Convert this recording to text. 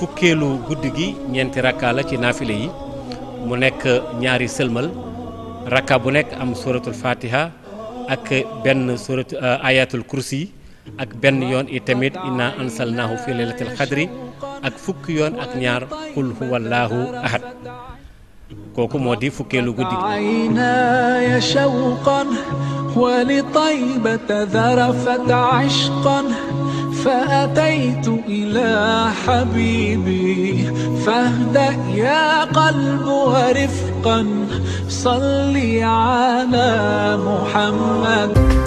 fukkeelu guddi gi ñeenti rakka la ci naafile yi mu nekk ñaari sëlmal rakka bu nekk am suratul ak benn surat euh, ayatul kursi ak benn yoon i tamit inna ansalnaahu fi laylatil ak fukki yoon ak ñaar qul huwallaahu ahad kooku moo di fukkeelu guddi gi حبيبي فاهدأ يا قلب ورفقا صلي على محمد